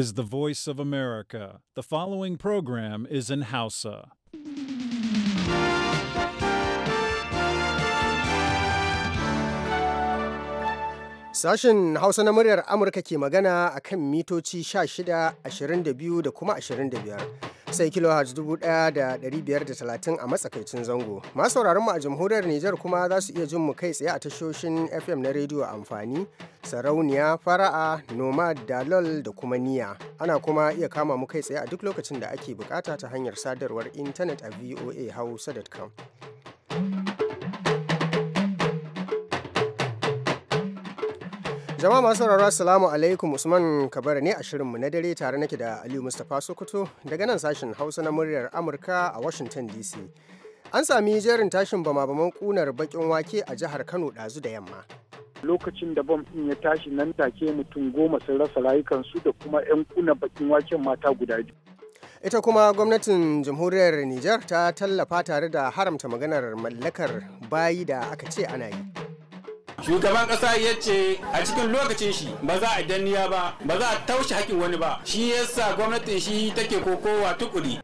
is the voice of America. The following program is in Hausa. Sashen Hausa na muryar Amurka ke magana a kan mitoci 16, 22 da kuma 25. sai da talatin a matsakaicin zango. Masu mu a jamhuriyar Nijar kuma za su iya jin mu kai tsaye a tashoshin FM na rediyo amfani, sarauniya, fara'a, nomad, dalol da kuma niya. Ana kuma iya kama mu kai tsaye a duk lokacin da ake bukata ta hanyar sadarwar intanet a voa hausa.com. Jama'a masu sauraro Assalamu alaikum Usman Kabara ne a shirinmu na dare tare nake da Aliyu Mustapha Sokoto daga nan sashen Hausa na muryar Amurka a Washington DC. An sami jerin tashin bama-baman kunar bakin wake a jihar Kano dazu da yamma. lokacin da bom ɗin ya tashi nan take mutum goma sun rasa rayukansu da kuma 'yan kuna bakin waken mata guda biyu. Ita kuma gwamnatin jamhuriyar niger ta tallafa tare da haramta maganar mallakar bayi da aka ce ana yi. shugaban kasa ya ce a cikin lokacin shi ba za a danniya ba ba za a taushe hakkin wani ba shi yasa gwamnatin shi take kokowa tukuri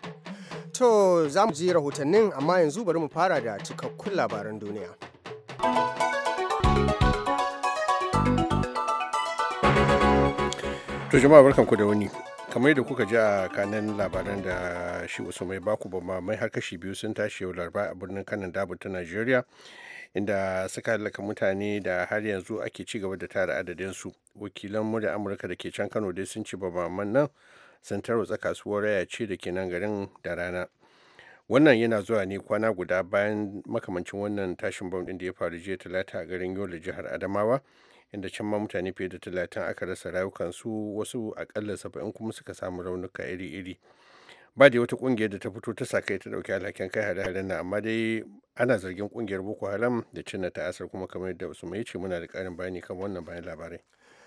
to za mu ji rahotannin amma yanzu bari mu fara da cikakkun labaran duniya to jama'a ku da wani kamar da kuka ji a kanan labaran da shi wasu mai baku ba mai har kashi biyu sun tashi yau laraba a birnin kanan dabu ta najeriya inda suka halaka mutane da har yanzu ake ci gaba da tara adadinsu wakilan mu amurka da ke can kano dai sun ci babaman nan sun tarwatsa kasuwar raya ce da ke nan garin da rana wannan yana zuwa ne kwana guda bayan makamancin wannan tashin bom din da ya faru jiya talata a garin yola jihar adamawa inda can ma mutane fiye da talatin aka rasa rayukansu wasu akalla saba'in kuma suka samu raunuka iri-iri ba da wata kungiyar da ta fito ta sakai ta dauki alhakin kai hare na amma dai ana zargin kungiyar boko haram da cinna ta asar kuma kamar yadda su ya ce muna da karin bayani kan wannan bayan labarai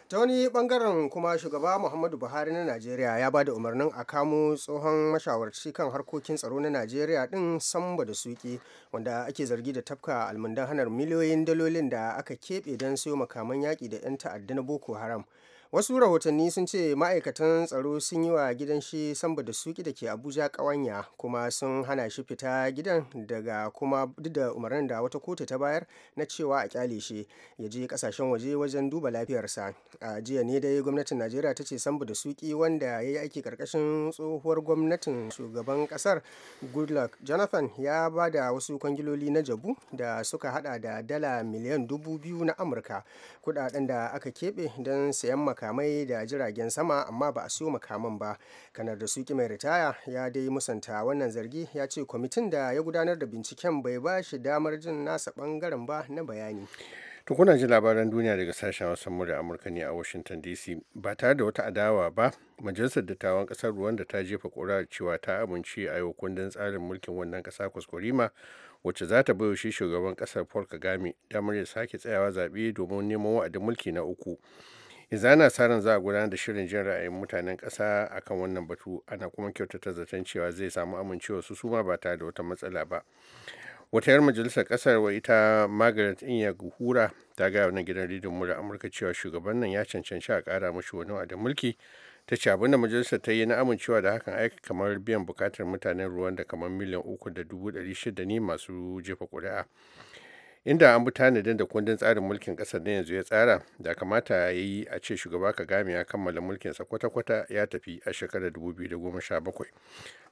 ta wani bangaren kuma shugaba muhammadu buhari na najeriya ya ba da umarnin a kamo tsohon mashawarci kan harkokin tsaro na najeriya din samba da suki wanda ake zargi da tafka almundan hanar miliyoyin dalolin da aka keɓe don siyo makaman yaƙi da 'yan ta'adda na boko haram wasu rahotanni sun ce ma'aikatan tsaro sun yi wa gidan shi samba da suki da ke abuja kawanya kuma sun hana shi fita gidan daga kuma duk da umarnin da wata kotu ta bayar na cewa a kyale shi ya je kasashen waje wajen duba lafiyarsa a jiya ne dai gwamnatin najeriya ta ce samba da suki wanda ya yi aiki karkashin tsohuwar gwamnatin shugaban kasar goodluck jonathan ya ba da wasu kwangiloli na jabu da suka hada da dala miliyan dubu biyu na amurka kudaden da aka keɓe don sayan maka makamai da jiragen sama amma ba a siyo makaman ba kanar da suki mai ritaya ya dai musanta wannan zargi ya ce kwamitin da ya gudanar da binciken bai ba shi damar jin nasa bangaren ba na bayani tukuna ji labaran duniya daga sashen wasan murya Amurka ne a Washington DC ba tare da wata adawa ba majalisar dattawan kasar da ta jefa kura cewa ta amince a yau kundin tsarin mulkin wannan kasa kuskurima wacce za ta bayo shi shugaban kasar Paul Kagame damar ya sake tsayawa zaɓe domin neman wa'adin mulki na uku. yanzu ana sa ran za a gudanar da shirin jin ra'ayin mutanen ƙasa akan wannan batu ana kuma kyautata zaton cewa zai samu amincewa su suma ba tare da wata matsala ba wata yar majalisar kasar wa ita margaret inya guhura ta gaya wani gidan rediyon mura amurka cewa shugaban nan ya cancanci a kara mashi wani wa'adin mulki ta ce abinda majalisar ta yi na amincewa da hakan aika kamar biyan bukatar mutanen ruwan da kamar miliyan uku da dubu ɗari shida ne masu jefa ƙuri'a inda an bi tanadin da kundin tsarin mulkin kasar na yanzu ya tsara da kamata ya yi a ce shugaba kagame ya kammala mulkinsa kwata-kwata ya tafi a shekarar 2017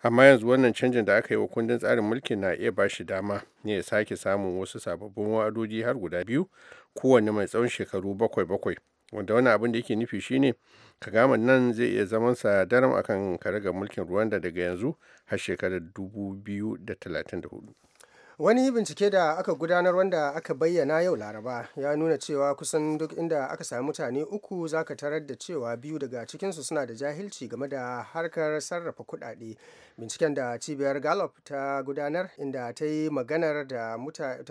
amma yanzu wannan canjin da aka yi wa kundin tsarin mulkin na iya ba shi dama ne ya sake samun wasu sababbin wa'adoji har guda biyu kowanne mai tsawon shekaru bakwai-bakwai wanda wani abin da yake nufi shine kagaman nan zai iya zaman sa daram akan karagar mulkin rwanda daga yanzu har shekarar 2034 wani bincike da aka gudanar wanda aka bayyana yau laraba ya nuna cewa kusan duk inda aka sami mutane uku zaka tarar da cewa biyu daga cikinsu suna da jahilci game da harkar sarrafa kudade. binciken da cibiyar gallup ta gudanar inda ta yi magana da mutane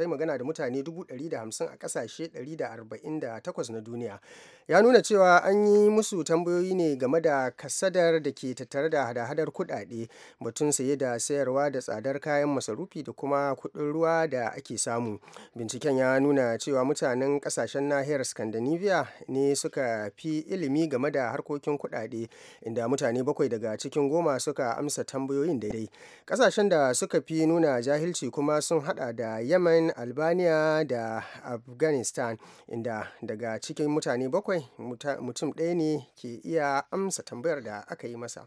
150 a kasashe 148 na duniya ya nuna cewa an yi musu tambayoyi ne game da kasadar da ke tattare da hada-hadar kudade batun saye da sayarwa da tsadar kayan masarufi da kuma kudin ruwa da ake samu binciken ya nuna cewa mutanen kasashen nahiyar scandinavia ne suka fi ilimi game da harkokin kudade inda mutane bakwai daga cikin goma suka amsa tambayoyi tambayoyin daidai kasashen da suka fi nuna jahilci kuma sun hada da yemen albania da afghanistan inda daga cikin mutane bakwai mutum ɗaya ne ke iya amsa tambayar da aka yi masa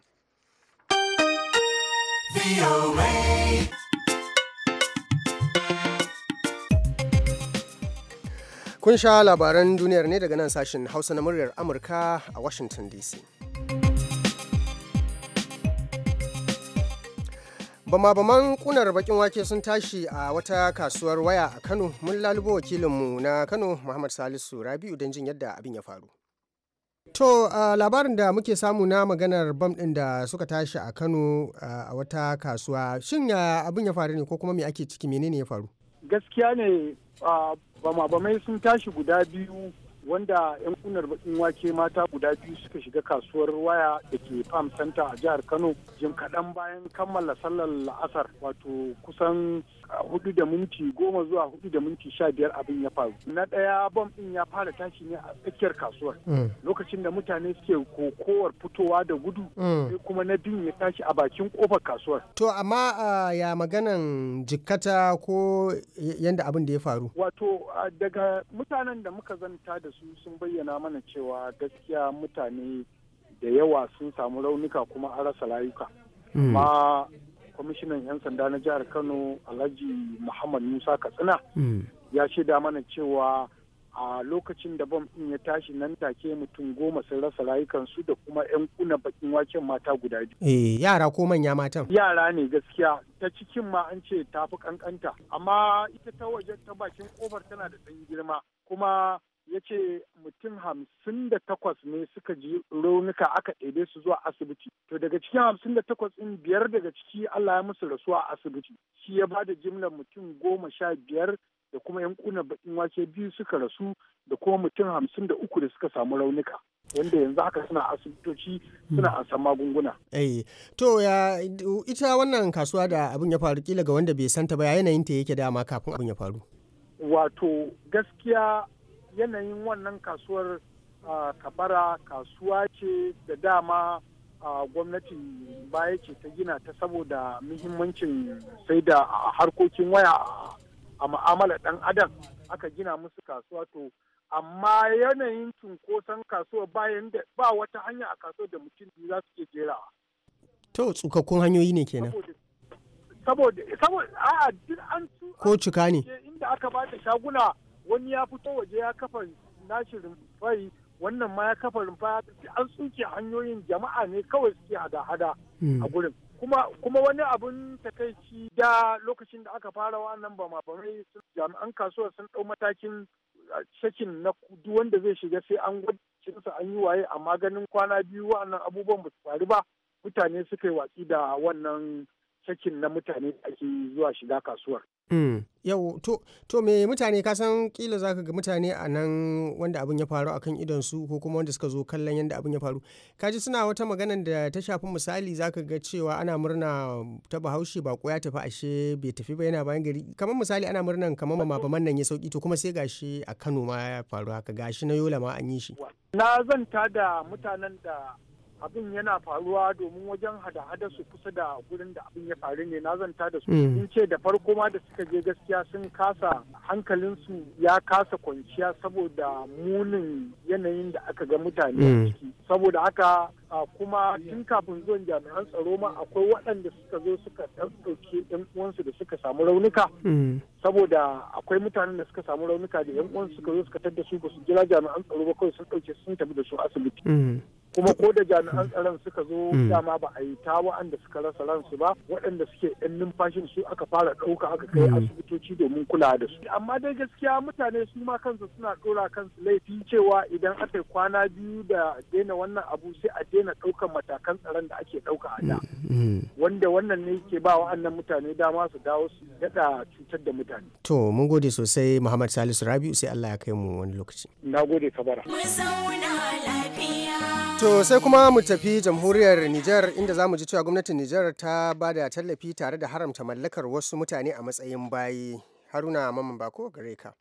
Kun sha labaran duniyar ne daga nan sashen Hausa na muryar Amurka a Washington DC. bama-baman kunar bakin wake sun tashi a wata kasuwar waya a kano mun lalubo wakilinmu na kano muhammad salisu rabiu don jin yadda abin ya faru To uh, labarin da muke samu na maganar bam ɗin da suka tashi a Kano uh, a wata kasuwa shin ya abin ya faru ne ko kuma me ake ciki menene ya faru? Gaskiya ne uh, bama bamai sun tashi guda biyu wanda 'yan kunar bakin wake mata guda biyu suka shiga kasuwar waya da ke farm center a jihar kano jim kaɗan bayan kammala sallar la'asar wato kusan hudu da minti goma zuwa hudu da minti sha biyar abin ya faru na ɗaya bom ɗin ya fara tashi ne a tsakiyar kasuwar mm. lokacin da mutane suke kokowar fitowa da gudu mm. sai kuma na biyun ya tashi a bakin kofar kasuwar to amma ya maganan jikkata ko yanda abin da ya faru wato daga mutanen da muka zanta da su sun bayyana mana cewa gaskiya mutane da yawa sun samu raunuka kuma a rasa rayuka amma mm. kwamishinan 'yan sanda na jihar kano alhaji muhammad musa katsina hmm. ya shaida mana cewa a lokacin da bom ɗin ya tashi nan take mutum goma sun rasa rayukansu da kuma 'yan kuna bakin waken mata guda biyu. Eh, yara ko manya matan? Yara ne gaskiya ta cikin ma an ce ta fi kankanta amma ita ta waje ta bakin kofar tana da ɗan girma kuma ya ce mutum hamsin da takwas ne suka ji raunuka aka ɗebe su zuwa asibiti to daga cikin hamsin da takwas ɗin biyar daga ciki allah ya musu rasuwa a asibiti shi ya ba da jimlar mutum goma sha biyar da kuma yan kuna baƙin wake biyu suka rasu da kuma mutum hamsin da uku da suka samu raunuka wanda yanzu haka suna asibitoci suna san magunguna. Eh, to ya ita wannan kasuwa da abin ya faru kila ga wanda bai santa ba yanayin ta yake dama kafin abin ya faru. Wato gaskiya yanayin wannan kasuwar kabara kasuwa ce da dama gwamnati baya ce ta gina ta saboda muhimmancin sai da harkokin waya a ma'amala ɗan adam aka gina musu kasuwa to amma yanayin cunkoson kasuwa bayan da ba wata hanya a kasuwar da mutum biyu za su ke jerawa. To tsukakkun hanyoyi ne kenan. Saboda saboda a'a duk an ko cika ne inda aka ba shaguna wani ya fito waje ya kafa nashi rumfai wannan ma ya kafa rumfa an tsuke hanyoyin jama'a ne kawai suke hada-hada hmm. a gurin kuma wani abun takaici da lokacin da aka fara wannan ba ma jami'an kasuwar sun ɗau matakin shakin na duk wanda zai shiga sai an gwacinsa an yi waye amma ganin kwana biyu wa'annan abubuwan ba su faru ba mutane suka yi watsi da wannan shakin na mutane da ake zuwa shiga kasuwar Mm. Yau to, to me mutane ka san kila zaka ga mutane a nan wanda abin ya faru akan idon su ko kuma wanda suka zo kallon yadda abin ya faru. Kaji suna wata magana da ta shafi misali zaka ga cewa ana murna ta bahaushe ba ya tafi ashe bai tafi ba yana bayan gari. Kamar misali ana murnan kamar ma ba nan ya sauki to kuma sai gashi a Kano ma ya faru haka gashi na Yola ma an yi shi. Na zanta da mutanen da abin yana faruwa domin wajen hada-hada su kusa da gurin da abin ya faru ne na zanta da su hmm. sun ce da farko ma da suka je gaskiya sun kasa hankalinsu ya kasa kwanciya saboda munin yanayin da aka ga mutane a hmm. ciki saboda haka kuma tun kafin zuwan jami'an tsaro ma akwai waɗanda suka zo suka ɗauke ɗan uwansu da suka samu raunuka hmm. saboda akwai mutanen da suka samu raunuka da yan uwansu suka zo suka tadda su ba su jira jami'an tsaro ba kawai sun ɗauke sun tafi da su asibiti kuma ko da jami'an hmm. tsaron suka zo hmm. dama ba a yi ta wa'anda suka rasa ransu ba waɗanda suke yan numfashin su aka fara ɗauka aka kai hmm. asibitoci domin kula da su amma dai gaskiya mutane su ma kansu suna ɗora kansu laifi cewa idan aka kwana biyu da daina wannan abu sai a daina ɗaukan matakan tsaron da ake ɗauka a da wanda wannan ne ke ba wa'annan mutane dama su dawo su daɗa cutar da mutane. to mun gode sosai muhammad salisu rabiu sai allah ya kai mu wani lokaci. na gode kabara. mu To sai kuma mu tafi jamhuriyar Nijar inda za mu ji cewa gwamnatin Nijar ta ba da tallafi tare da haramta mallakar wasu mutane a matsayin bayi. Haruna Mamman Bako gare ka.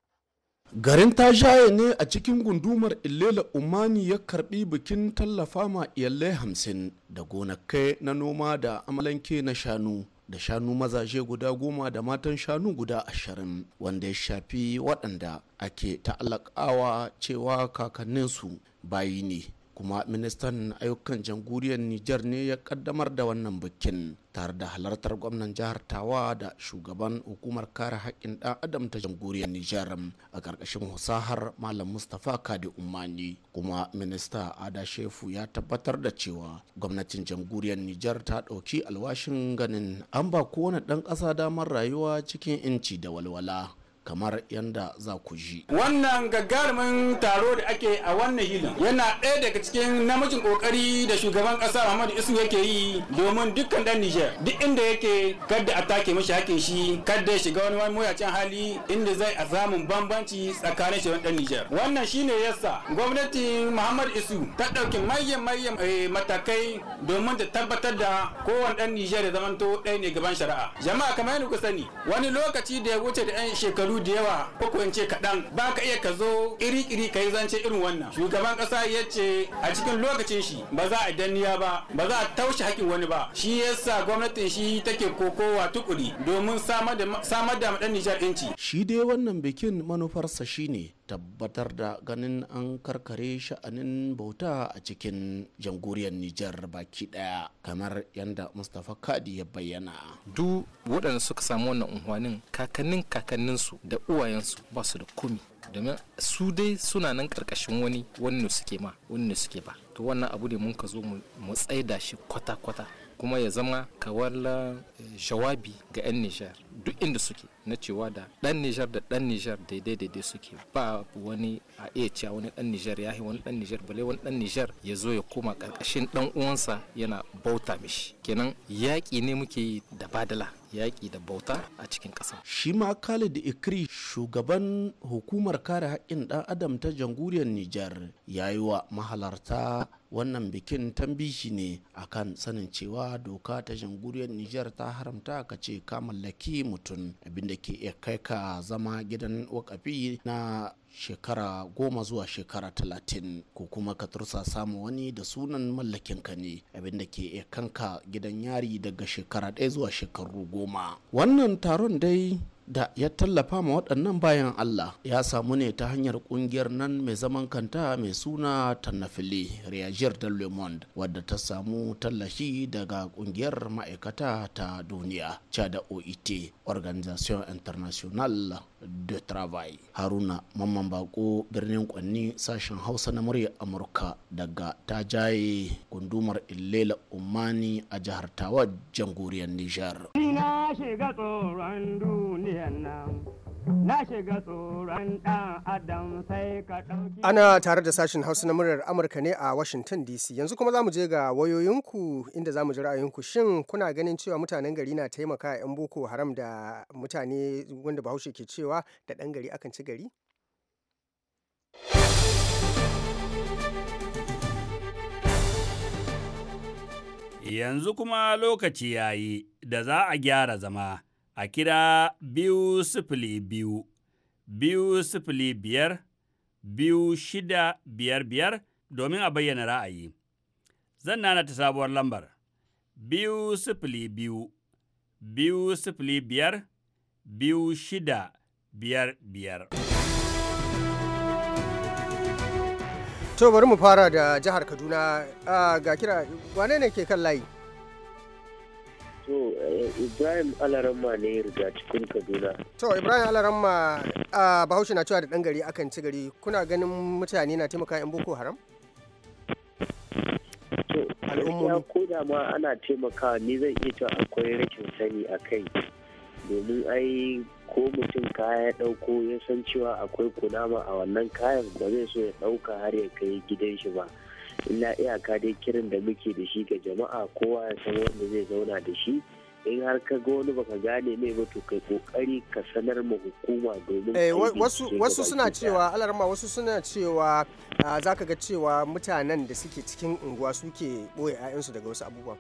Garin ta shaye ne a cikin gundumar Ilela Umani ya karbi bikin tallafa ma iyalai hamsin da gonakai na noma da amalanke na shanu. da shanu mazaje guda goma da matan shanu guda ashirin wanda ya shafi waɗanda ake ta'allakawa cewa kakanninsu bayi ne kuma ministan ayyukan janguriyar Nijar ne ya kaddamar da wannan bikin tare da halartar gwamnan jihar Tawa da shugaban hukumar kare haƙƙin ɗan adam ta jamhuriyar Nijar a ƙarƙashin husahar Malam Mustapha Kadi Umani kuma minista Ada Shefu ya tabbatar da cewa gwamnatin janguriyar Nijar ta ɗauki alwashin ganin an ba kowane ɗan ƙasa damar rayuwa cikin inci da walwala. kamar yadda za ku ji. Wannan gagarumin taro da ake a wannan hilin yana ɗaya daga cikin namijin ƙoƙari da shugaban ƙasa Muhammadu Isu yake yi domin dukkan ɗan Nijar duk inda yake kadda a take mishi hakin shi kadda ya shiga wani mawuyacin hali inda zai a zamun bambanci tsakanin shi ɗan Nijar. Wannan shine yasa gwamnati Muhammadu Isu ta ɗauki mayan mayan eh, matakai domin ta tabbatar da kowane ɗan Nijar ya zamanto ɗaya ne gaban shari'a. Jama'a kamar yadda ku sani wani lokaci da ya wuce da 'yan shekaru shekaru da yawa ko ko ce kaɗan ba ka iya ka zo iri-iri ka yi zance irin wannan shugaban ƙasa ya ce a cikin lokacin shi ba za a danniya ba ba za a taushe haƙƙin wani ba shi yasa gwamnatin shi take kokowa tukuri domin samar da samar da Nijar inci shi dai wannan bikin manufarsa shine tabbatar da ganin an karkare sha'anin bauta a cikin jamhuriyar Nijar baki daya kamar yadda Mustapha Kadi ya bayyana. duk waɗanda suka samu wannan unhwanin kakannin kakanninsu da uwayensu ba su da kumi. domin su dai suna nan karkashin wani wani suke ma wani suke ba to wannan abu ne mun ka zo mu tsaida shi kwata-kwata kuma ya zama kawar eh, jawabi ga 'yan Nijar duk inda suke na cewa da ɗan Nijar da ɗan Nijar daidai daidai suke ba wani a iya cewa wani ɗan Nijar ya wani ɗan Nijar bale wani ɗan Nijar ya zo ya koma ƙarƙashin ɗan uwansa yana bauta mishi kenan yaƙi ne muke yi da badala yaƙi da bauta a cikin ƙasa. Shi ma Khalid Ikri shugaban hukumar kare haƙƙin ɗan adam ta jamhuriyar Nijar ya yi wa mahalarta wannan bikin tambishi ne a kan sanin cewa doka ta jamhuriyar Nijar ta haramta ka ce ka mallaki mutum abinda ke iya kai ka zama gidan wakafi na shekara goma zuwa shekara talatin ko kuma ka tursa samu wani da sunan mallakin ka ne abinda ke iya kanka gidan yari daga shekara ɗaya zuwa shekaru goma wannan taron dai da ya tallafa ma waɗannan bayan Allah ya samu ne ta hanyar ƙungiyar nan mai zaman kanta mai suna tannafili reagir da le monde wadda ta samu tallafi daga ƙungiyar ma'aikata ta duniya cada oit organisation international de travail haruna mamman bako birnin kwanni sashen hausa na murya amurka daga ta jaye gundumar illela umani a jihar tawa jamhuriyar nijar. na shiga tsoron ɗan adam sai ana tare da sashen hausa na muryar amurka ne a washington dc yanzu kuma za mu je ga wayoyinku inda za mu ji ra'ayinku shin kuna ganin cewa mutanen gari na taimaka 'yan boko haram da mutane wanda bahaushe ke cewa da ɗan gari akan ci gari Yanzu kuma lokaci ya yi da za a gyara zama a kira biyu sifili biyu, biyu sifili biyar, biyu shida biyar biyar domin a bayyana ra'ayi. Zan nana ta sabuwar lambar, biyu sifili biyu, biyu sifili biyar, biyu shida biyar biyar. To bari mu fara da jihar Kaduna ah, ga kira wane ne ke kan layi? Eh, Ibrahim Alaramma ne riga cikin Kaduna. To Ibrahim Alaramma a Bahaushe na cewa da ɗan gari akan ci gari kuna ganin mutane na taimaka 'yan Boko Haram? al'ummomi. Ko da ma ana taimaka ni zai iya cewa akwai rashin sani a kai. Domin ai ko mutum kaya ya ɗauko ya san cewa akwai kunama a wannan kayan ba zai so ya ɗauka har ya kai gidan shi ba. illa iyaka dai kirin da muke da shi ga jama'a kowa ya san wanda zai zauna da shi in har ka ga wani baka gane mai ba to kai kokari ka sanar ma hukuma domin eh wasu wasu suna cewa alarma wasu suna cewa ah, zaka ga cewa mutanen da suke cikin unguwa suke boye 'ya'yansu daga wasu abubuwan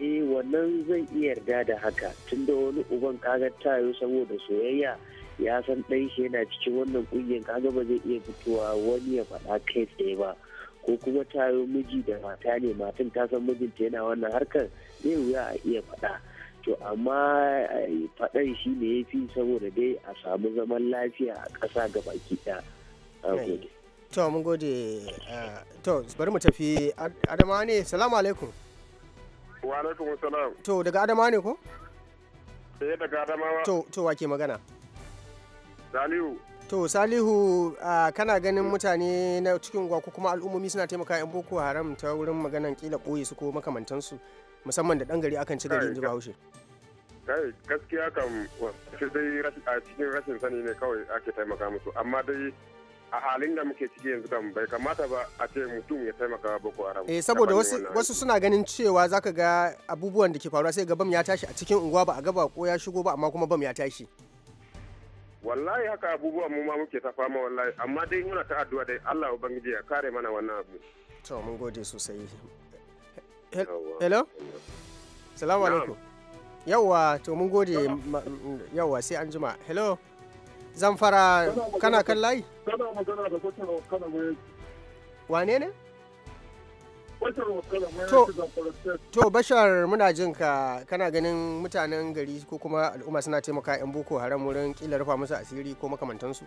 eh wannan zai iya yarda da haka tunda wani uban kaga tayo saboda soyayya ya san ɗan shi yana cikin wannan ƙungiyar kaga ba zai iya fitowa wani ya faɗa kai tsaye ba ko kuma tayo miji da mata ne matan ta san mijinta yana wannan harkar zai wuya a iya faɗa to amma eh, faɗan shi ne ya fi saboda dai a samu zaman lafiya a ƙasa ga baki ɗaya. to mun gode eh, to bari mu tafi adama ne salamu alaikum wa alaikum salam to daga adama ne ko? eh daga adama to to wa ke magana Salihu. To Salihu kana ganin mutane na cikin gwa ko kuma al'ummomi suna taimaka 'yan Boko Haram ta wurin maganan kila koyi su ko makamantansu musamman da ɗan gari akan ci gari in ji Bahaushe. kai gaskiya kam shi dai a cikin rashin sani ne kawai ake taimaka musu amma dai a halin da muke ciki yanzu kam bai kamata ba a ce mutum ya taimaka boko haram eh saboda wasu wasu suna ganin cewa zaka ga abubuwan da ke faruwa sai ga bam ya tashi a cikin unguwa ba a gaba ko ya shigo ba amma kuma bam ya tashi wallahi haka abubuwa mu ma muke ta fama wallahi amma dai muna ta addu'a dai Allah ubangiji ya kare mana wannan abu to mun gode sosai hello assalamu alaikum yawa to mun gode yawa sai an jima hello zan fara kana kan layi kana magana da kotun kano wane ne To bashar muna jin ka kana ganin mutanen gari ko kuma al'umma suna taimaka 'yan boko haram wurin kila rufa musu asiri ko makamantansu.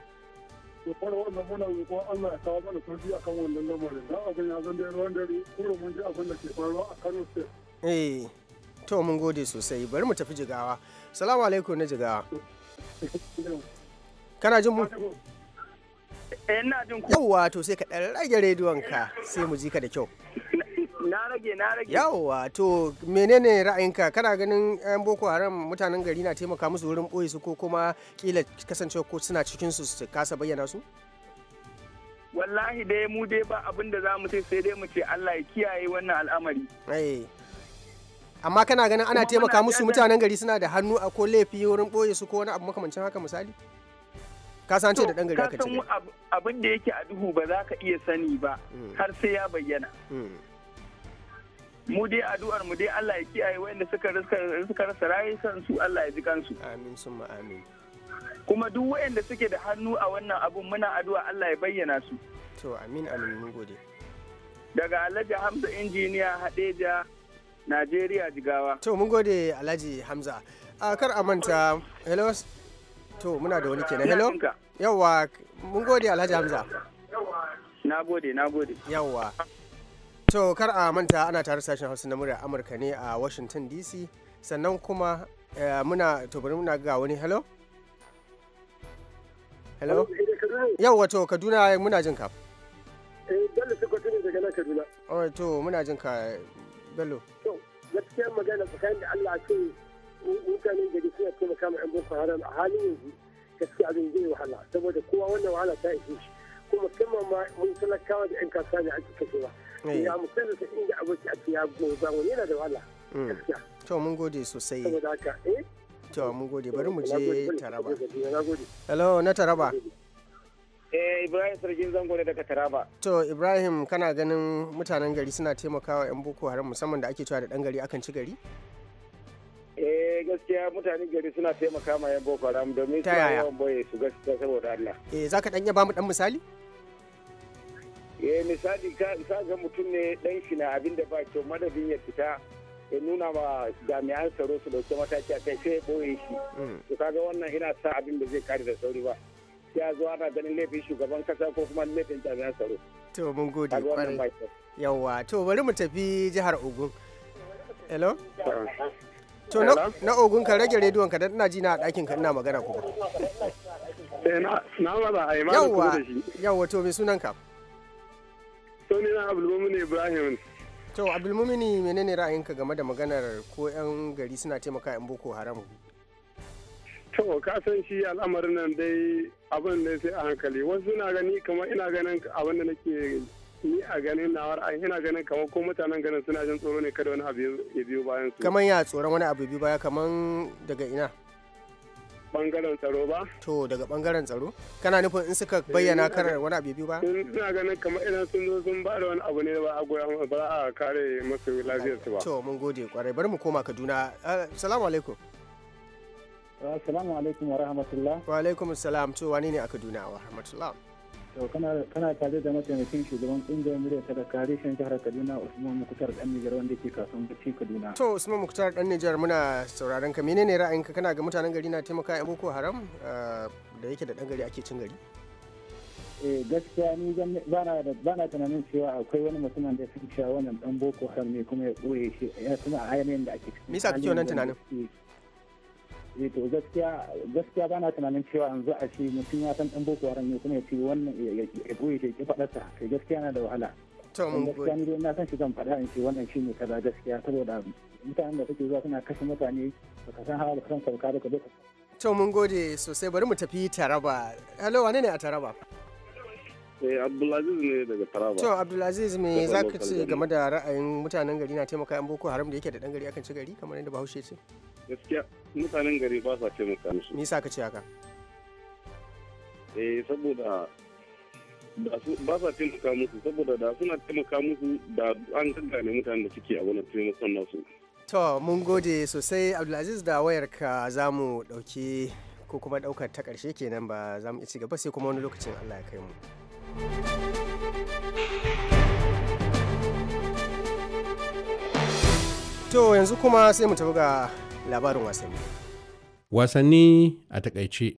Dokar wannan muna roƙon Allah ya kawo mana sauki akan wannan lamarin. A abin ya zan da ruwan dare kuma mun ji abin da ke faruwa a Kano State. Eh, to mun gode sosai bari mu tafi jigawa. Salamu alaikum na jigawa. Kana jin mu? Eh, ina jin ku. Yawwa to sai ka ɗan rage rediyon ka sai mu ji ka da kyau. na rage na rage yawwa to menene ra'ayinka kana ganin yan boko haram mutanen gari na taimaka musu wurin boye su ko kuma kila kasancewa ko suna cikin su su kasa bayyana su wallahi dai mu dai ba abin da zamu ce sai dai mu ce Allah ya kiyaye wannan al'amari eh amma kana ganin ana taimaka musu mutanen gari suna da hannu a ko laifi wurin boye su ko wani abu makamancin haka misali ka san ce da dan gari aka ce abin da yake a duhu ba za ka iya sani ba hmm. har sai ya bayyana hmm. mu dai addu'ar mu dai Allah ya kiyaye wanda suka suka rasa rayukan su Allah ya ji kansu amin summa amin kuma duk wanda suke da hannu a wannan abun muna addu'a Allah ya bayyana su to amin amin mun gode daga Alhaji Hamza injiniya Hadeja Najeriya Jigawa to mun gode Alhaji Hamza a kar a manta hello to muna da wani kenan hello yawa mun gode Alhaji Hamza na gode na gode yawa To kar a manta ana tare sashen Hausa na murya Amurka ne a Washington DC sannan kuma eh, muna to bari muna ga wani hello. Hello. Yau wato Kaduna muna jin ka. Eh Bello sai Kaduna daga nan Kaduna. Oh to muna jin ka Bello. To gaskiya magana tsakanin da Allah ce mutanen gari suna taimaka ma 'yan boko haram a halin yanzu gaskiya abin zai wahala saboda kowa wannan wahala ta ishe shi kuma musamman ma mun talakawa da 'yan kasuwa ne ake kashewa. Eh. ya musamman ka inda aboki a ciya goyi wani yana da wahala mm. to mun gode sosai saboda eh? to mun gode bari mu je taraba hello na taraba Eh, Ibrahim Sarkin Zango ne daga Taraba. To Ibrahim kana ganin mutanen gari suna taimakawa 'yan Boko Haram musamman da ake cewa da ɗan gari akan ci gari? Eh gaskiya mutanen gari suna taimaka ma 'yan Boko Haram domin suna yawan boye su gaskiya saboda Allah. Eh zaka dan ɗan ba mu ɗan misali? eh misali ka ga mutum ne dan shi na abin da ba kyau madadin ya fita ya nuna ma jami'an tsaro su dauke mataki a kai sai ya boye shi mm. to kaga wannan ina sa abin da zai kare da sauri ba sai a zo ana ganin laifin shugaban kasa ko kuma laifin jami'an tsaro to mun gode kwarai yawa to bari mu tafi jihar Ogun hello to na Ogun ka rage rediyon ka dan ina ji na a ɗakin ka ina magana kuma eh, na ba za a yi ma da shi yawa to me sunan ka sunana abdulmumin ibrahim to abdulmumini menene ra'ayinka game da maganar ko 'yan gari suna taimaka 'yan boko haram to ka san shi al'amarin nan dai abin ne sai a hankali wasu na gani kamar ina ganin abin da nake ni a ganin na ra'ayin ina ganin kamar ko mutanen ganin suna jin tsoro ne kada wani abu ya biyo bayan su kamar ya tsoron wani abu biyu baya kamar daga ina bangaren tsaro ba to daga bangaren tsaro kana nufin in suka bayyana kana eh, wani abu biyu ba ina ganin kamar idan sun zo sun bada wani abu ne ba a gurin ba a kare masu lafiyar su ba to mun gode kwarai bari mu koma Kaduna assalamu eh, alaikum assalamu alaikum wa rahmatullah wa alaikum assalam to wani ne a Kaduna wa rahmatullah to kana tare da mataimakin shugaban kungiyar muryar kare shan jihar kaduna usman muktar dan nijar wanda ke kasuwan bacci kaduna to usman muktar dan nijar muna sauraron ka menene ra'ayinka kana ga mutanen gari na taimaka ya boko haram ah, da yake da dan gari ake cin gari eh gaskiya ni ba na tunanin cewa akwai wani mutumin da ya fi wannan dan boko haram ne kuma ya ɓoye shi ya kuma a yanayin da ake me yasa kake wannan tunanin eh to gaskiya gaskiya bana tunanin cewa yanzu a ce mutum ya san dan boko haram ne kuma ya ce wannan ya boye ta ki faɗarsa kai gaskiya na da wahala to mun gaskiya ni na san shi zan faɗa in ce wannan shine kaza gaskiya saboda mutanen da suke zuwa suna kashe mutane baka san hawa baka san sauka baka baka to mun gode sosai bari mu tafi taraba hello wane ne a taraba Eh, Abdulaziz ne daga Taraba. To Abdulaziz me za ka ce game da ra'ayin mutanen gari na taimaka yan Boko Haram da yake da dan gari akan ci gari kamar yadda Bahaushe ce? gaskiya mutanen gari ba sa taimaka musu nisa ka ce haka eh saboda ba sa taimaka musu saboda da suna taimaka musu da an ne mutanen da suke a wannan taimakon nasu to mun gode sosai abdulaziz da wayarka za mu ɗauki ko kuma ɗaukar ta ƙarshe kenan ba za mu ci gaba sai kuma wani lokacin allah ya kai mu to yanzu kuma sai mu tafi ga labarin wasanni. Wasanni a takaice.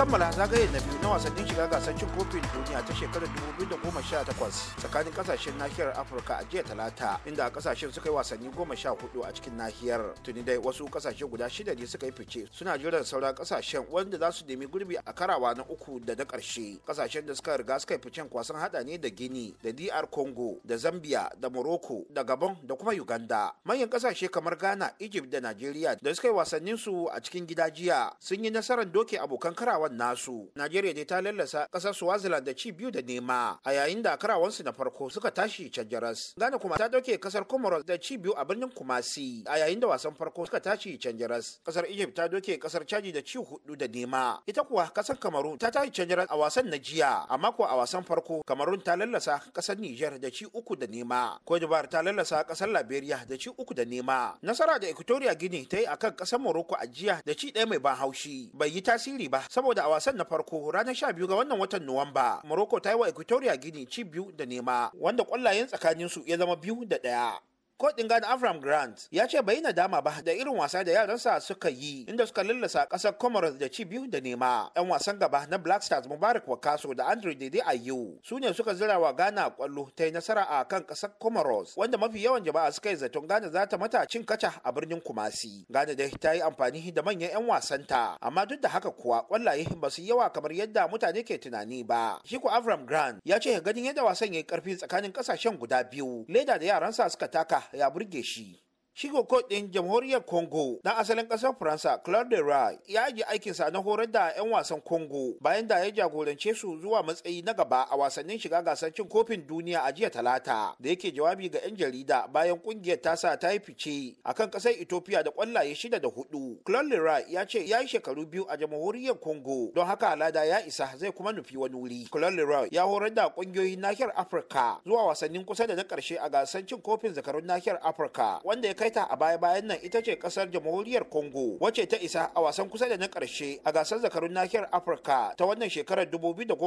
kammala zagaye na biyu na wasannin shiga gasar cin kofin duniya ta shekarar 2018 tsakanin kasashen nahiyar afirka a jiya talata inda kasashen suka yi wasanni hudu a cikin nahiyar tuni dai wasu kasashe guda shida ne suka yi fice suna jiran sauran kasashen wanda za su nemi gurbi a karawa na uku da na karshe kasashen da suka riga suka yi ficen kwasan hada ne da gini da dr congo da zambia da morocco da gabon da kuma uganda manyan kasashe kamar ghana egypt da nigeria da suka yi su a cikin gida jiya sun yi nasarar doke abokan karawa wasan nasu najeriya dai ta lallasa kasar swaziland da ci biyu da nema a yayin da karawansu na farko suka tashi canjaras ghana kuma ta dauke kasar comoros da ci biyu a birnin kumasi a yayin da wasan farko suka tashi canjaras ƙasar egypt ta dauke kasar Chadi da ci hudu da nema ita kuwa kasar cameroon ta tashi Chanjaras a wasan na jiya amma kuwa a wasan farko cameroon ta lallasa ƙasar niger da ci uku da nema cote d'ivoire ta lallasa kasar liberia da ci uku da nema nasara da equatorial guinea ta yi akan ƙasar morocco a jiya da ci ɗaya mai ban haushi bai yi tasiri ba saboda a wasan na farko ranar 12 ga wannan watan Nuwamba, Morocco ta yi wa equatoria gini ci biyu da nema, wanda kwallayen tsakaninsu ya zama biyu da ɗaya. Kodin Ghana Avram Grant ya ce bai dama ba da irin wasa da yaransa suka yi inda suka lallasa ƙasar Comoros da ci biyu da nema. 'Yan wasan gaba na Black Stars Mubarak Wakaso da Andre Dede Ayew su ne suka zira wa Ghana kwallo ta yi nasara a kan ƙasar Comoros wanda mafi yawan jama'a suka yi zaton Ghana za ta mata cin kaca a birnin Kumasi. Ghana dai ta yi amfani da manyan 'yan wasanta amma duk da haka kuwa kwallaye ba su yawa kamar yadda mutane ke tunani ba. Shi Avram Grant ya ce ganin yadda wasan ya yi ƙarfi tsakanin ƙasashen guda biyu leda da yaransa suka taka ya burge shi Shigo ko ɗin jamhuriyar Congo dan asalin ƙasar Faransa Claude Rai ya ajiye aikinsa na horar da 'yan wasan Congo bayan da ya jagorance su zuwa matsayi na gaba a wasannin shiga gasar cin kofin duniya a jiya talata da yake jawabi ga 'yan jarida bayan ƙungiyar tasa ta yi fice akan ƙasar Ethiopia da kwallaye shida da hudu. Claude Rai ya ce ya yi shekaru biyu a jamhuriyar Congo don haka alada ya isa zai kuma nufi wani wuri. Claude Rai ya horar da ƙungiyoyin nahiyar Afirka zuwa wasannin kusa da na ƙarshe a gasar cin kofin zakarun nahiyar Afirka wanda ya kai kaita a baya-bayan nan ita ce kasar jamhuriyar congo wacce ta isa a wasan kusa da na ƙarshe a gasar zakarun nahiyar afirka ta wannan shekarar 2015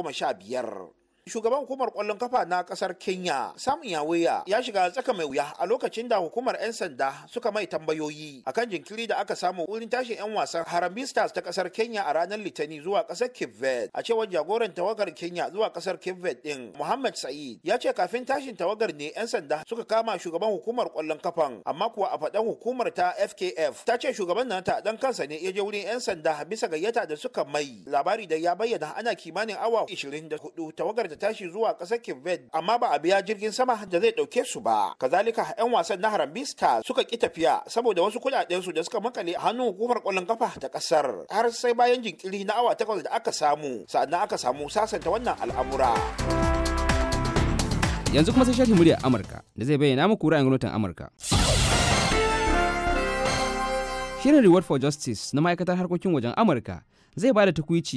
Shugaban hukumar kwallon kafa na kasar Kenya, Sam Yaweya, ya shiga tsaka mai wuya a lokacin da hukumar 'yan sanda suka mai tambayoyi akan jinkiri da aka samu wurin tashin 'yan wasan Harambee Stars ta kasar Kenya a ranar Litani zuwa kasar Cape Verde. A cewar jagoran tawagar Kenya zuwa kasar Cape Verde din, Muhammad Sa'id, ya ce kafin tashin tawagar ne 'yan sanda suka kama shugaban hukumar kwallon kafan, amma kuwa a faɗan hukumar ta FKF ta ce shugaban ta dan kansa ne ya je wurin 'yan sanda bisa gayyata da suka mai. Labari da ya bayyana ana kimanin awa 24 tawagar ta tashi zuwa ƙasar Kibbet amma ba a biya jirgin sama da zai ɗauke su ba. Kazalika 'yan wasan na Harambista suka ki tafiya saboda wasu kuɗaɗen su da suka makale hannun hukumar ƙwallon kafa ta ƙasar. Har sai bayan jinkiri na awa takwas da aka samu sa'annan aka samu sasanta wannan al'amura. Yanzu kuma sai shafin muryar Amurka da zai bayyana muku ra'ayin gwamnatin Amurka. Shirin Reward for Justice na ma'aikatar harkokin wajen Amurka zai ba da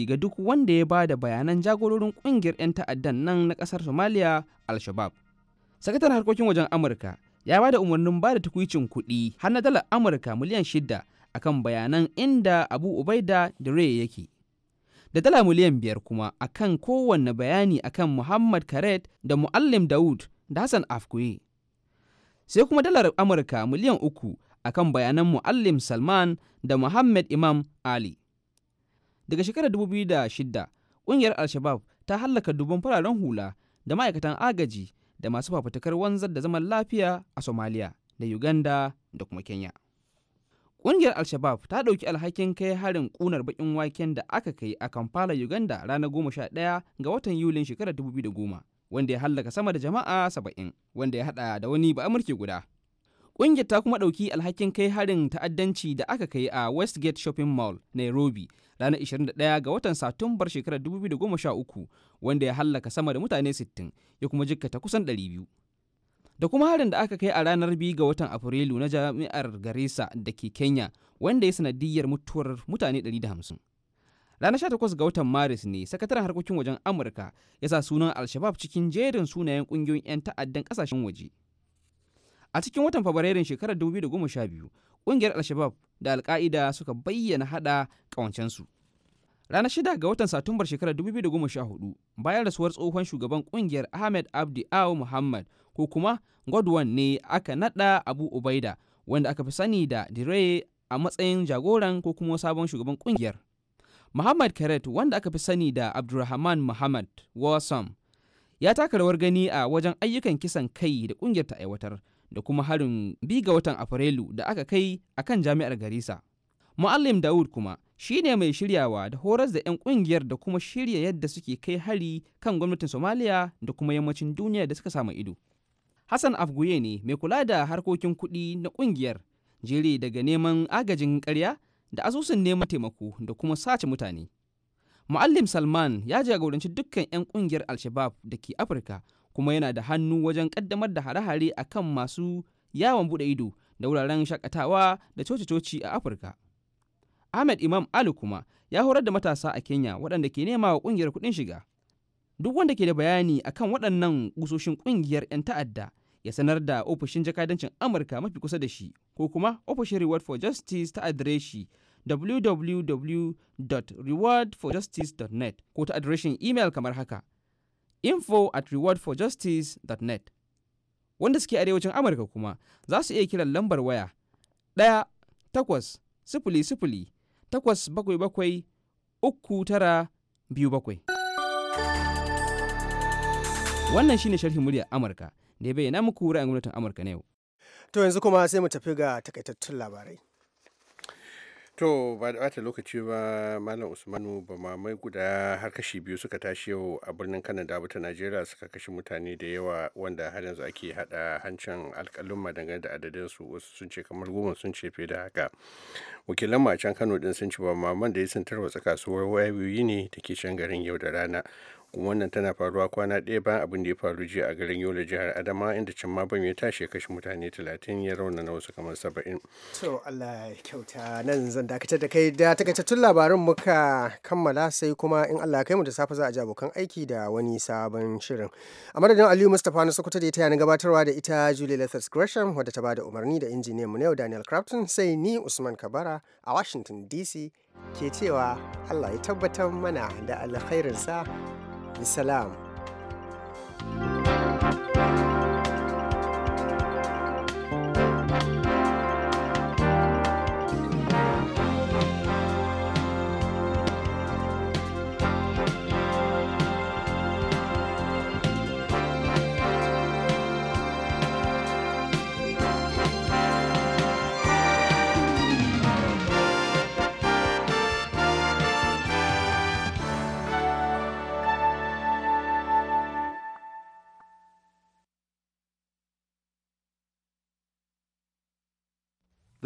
ga duk wanda ya ba da bayanan jagororin kungiyar 'yan ta'addan nan na kasar somalia al-shabab sakataren harkokin wajen amurka ya ba da umarnin ba da takwicin kuɗi har na dalar amurka miliyan shida akan bayanan inda abu ubaida da ray yake da dala miliyan biyar kuma akan kowanne bayani akan muhammad karet da muallim daud da hassan afkuye sai kuma dalar amurka miliyan uku akan bayanan muallim salman da muhammad imam ali daga shekarar 2006 ƙungiyar al-shabab ta hallaka dubban fararen hula da ma'aikatan agaji da masu fafutukar wanzar da zaman lafiya a somalia da uganda da kuma kenya ƙungiyar al-shabab ta ɗauki alhakin kai harin ƙunar baƙin waken da aka kai a kampala uganda ranar goma sha ɗaya ga watan yulin shekarar 2010 wanda ya hallaka sama da jama'a saba'in, wanda ya haɗa da wani ba amurke guda ƙungiyar ta kuma ɗauki alhakin kai harin ta'addanci da aka kai a westgate shopping mall nairobi ranar 21 ga watan Satumbar shekarar 2013 wanda ya hallaka sama da mutane 60 ya kuma jikkata kusan 200. Da kuma harin da aka kai a ranar 2 ga watan Afrilu na jami'ar Garissa da ke Kenya wanda ya sanadiyyar mutuwar mutane 150. Ranar 18 ga watan Maris ne sakataren harkokin wajen Amurka ya sa sunan Al-Shabab cikin jerin sunayen kungiyoyin 'yan ta'addan ƙasashen waje. A cikin watan Fabrairun shekarar 2012, ƙungiyar al-shabab da al suka bayyana haɗa ƙawancensu ranar shida ga watan satumbar shekarar 2014 bayan rasuwar tsohon shugaban ƙungiyar ahmed abdi aw muhammad ko kuma godwan ne aka naɗa abu ubaida wanda aka fi sani da dire a matsayin jagoran ko kuma sabon shugaban ƙungiyar muhammad karet wanda aka fi sani da abdulrahman muhammad wasam ya taka rawar gani a wajen ayyukan kisan kai da kungiyar ta aiwatar da kuma harin ga watan afrilu da aka kai a kan jami'ar garisa muallim dawud kuma shine mai shiryawa da horas da 'yan ƙungiyar da kuma shirya yadda suke kai hari kan gwamnatin somaliya da kuma yammacin duniya da suka samu ido hassan afguye ne mai kula da harkokin kuɗi na ƙungiyar. jere daga neman agajin karya da asusun neman taimako da kuma sace mutane muallim salman ya jagoranci dukkan 'yan ƙungiyar al-shabab da ke afirka kuma yana da hannu wajen kaddamar da hare-hare a kan masu yawon buɗe ido da wuraren shakatawa da coci-coci a afirka ahmed imam ali kuma ya horar da matasa a kenya waɗanda ke nema wa ƙungiyar kuɗin shiga duk wanda ke da bayani akan waɗannan ƙusoshin ƙungiyar 'yan ta'adda ya sanar da ofishin jakadancin amurka mafi kusa da shi ko kuma ofishin reward for justice ta adireshi www.rewardforjustice.net ko ta adireshin imel kamar haka info at rewardforjustice.net wanda suke arewacin amurka kuma za su iya kiran lambar waya ɗaya takwas sifili sifili biyu bakwai wannan shine sharhin murya amurka da ya bayyana muku ra'ayin gwamnatin amurka na yau to yanzu kuma sai mu tafi ga takaitattun labarai To ba da lokaci ba Malam Usmanu ba mai guda har kashi biyu suka tashi yau a birnin Kanada ta Najeriya suka kashe mutane da yawa wanda har yanzu ake hada hancin alƙalin dangane da adadin su wasu sun ce kamar goma sun ce fiye da haka. Wakilan can Kano din sun ce ba maman da ya sun tarwatsa kasuwar wayoyi ne da ke can garin yau da rana kuma wannan tana faruwa kwana ɗaya bayan abin da ya faru jiya a garin yola jihar adama inda can ma ya tashi ya kashe mutane talatin ya rauna na wasu kamar saba'in. to allah ya kyauta nan zan dakatar da kai da takaitattun labarin muka kammala sai kuma in allah kai mu da safe za a ji abokan aiki da wani sabon shirin a madadin aliyu mustapha na sokoto da ita yana gabatarwa da ita julie lethers gresham wadda ta bada umarni da injiniyan mu na yau daniel crafton sai ni usman kabara a washington dc ke cewa allah ya tabbatar mana da alkhairinsa بسلام